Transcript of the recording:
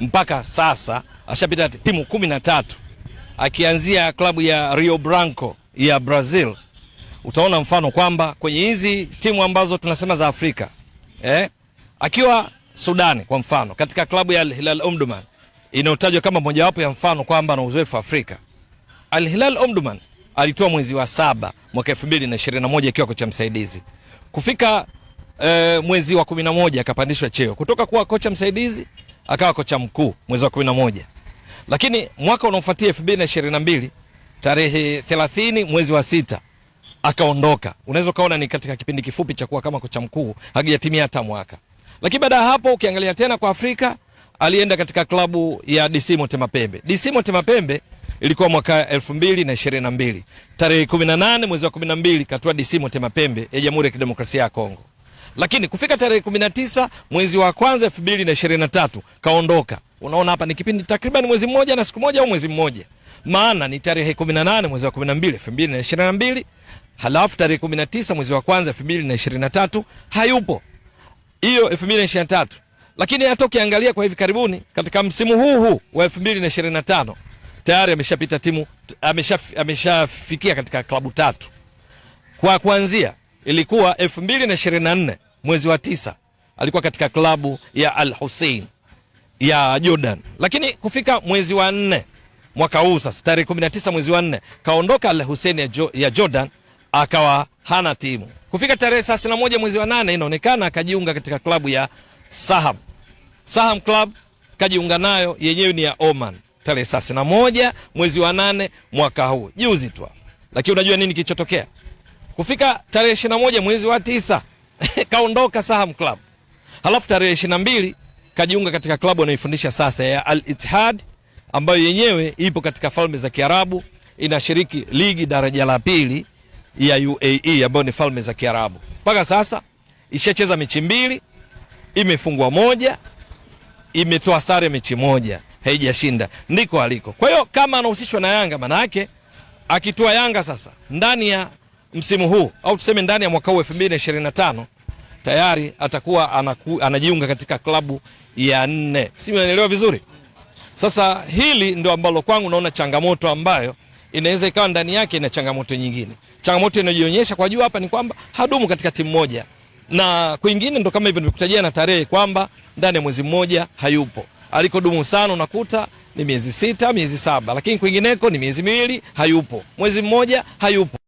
mpaka sasa ashapita timu kumi na tatu akianzia klabu ya Rio Branco ya Brazil. Utaona mfano kwamba kwenye hizi timu ambazo tunasema za Afrika eh, akiwa Sudani kwa mfano katika klabu ya Al Hilal Omdurman inayotajwa kama mojawapo ya mfano kwamba na uzoefu Afrika. Al Hilal Omdurman alitoa mwezi wa saba mwaka elfu mbili na na ishirini moja akiwa kocha msaidizi kufika eh, mwezi wa kumi na moja akapandishwa cheo kutoka kuwa kocha msaidizi akawa kocha mkuu mwezi wa 11, lakini mwaka unaofuatia 2022 tarehe 30 mwezi wa sita akaondoka. Unaweza ukaona ni katika kipindi kifupi cha kuwa kama kocha mkuu hajatimia hata mwaka, lakini baada ya hapo ukiangalia tena kwa Afrika alienda katika klabu ya DC Motema Pembe. DC Motema Pembe ilikuwa mwaka elfu mbili na ishirini na mbili tarehe 18 mwezi wa 12 katua DC Motema Pembe ya Jamhuri ya Kidemokrasia ya Kongo lakini kufika tarehe kumi na tisa mwezi wa kwanza elfu mbili na ishirini na tatu kaondoka. Unaona hapa ni kipindi takriban mwezi mmoja na siku moja au mwezi mmoja, maana ni tarehe kumi na nane mwezi wa kumi na mbili elfu mbili na ishirini na mbili halafu tarehe kumi na tisa mwezi wa kwanza elfu mbili na ishirini na tatu hayupo hiyo elfu mbili na ishirini na tatu lakini hata ukiangalia kwa hivi karibuni katika msimu huu huu wa elfu mbili na ishirini na tano tayari ameshapita timu ameshafikia amesha katika klabu tatu. Kwa kuanzia ilikuwa elfu mbili na ishirini na nne mwezi wa tisa alikuwa katika klabu ya Al Hussein ya Jordan, lakini kufika mwezi wa nne mwaka huu sasa, tarehe kumi na tisa mwezi wa nne kaondoka Al Hussein ya, jo, ya Jordan akawa hana timu. Kufika tarehe na moja mwezi wa nane inaonekana akajiunga katika klabu ya Saham. Saham Club kajiunga nayo yenyewe ni ya Oman tarehe na moja mwezi wa nane mwaka huu, juzi tu. Lakini unajua nini kilichotokea? Kufika tarehe na moja mwezi wa tisa kaondoka Saham Club, halafu tarehe ishirini na mbili kajiunga katika klabu anaifundisha sasa ya Al Ittihad ambayo yenyewe ipo katika falme za Kiarabu, inashiriki ligi daraja la pili ya UAE ambayo ni falme za Kiarabu. Mpaka sasa ishacheza mechi mbili, imefungwa moja, imetoa sare mechi moja, haijashinda. Ndiko aliko. Kwa hiyo kama anahusishwa na Yanga, maana yake akitoa Yanga sasa ndani ya msimu huu au tuseme ndani ya mwaka huu 2025 tayari atakuwa anaku, anajiunga katika klabu ya nne, si unaelewa vizuri? Sasa hili ndio ambalo kwangu naona changamoto ambayo inaweza ikawa ndani yake ina changamoto nyingine. Changamoto inayojionyesha kwa juu hapa ni kwamba hadumu katika timu moja, na kwingine ndo kama hivyo nimekutajia na tarehe kwamba ndani ya mwezi mmoja hayupo. Alikodumu sana unakuta ni miezi sita, miezi saba, lakini kwingineko ni miezi miwili hayupo, mwezi mmoja hayupo.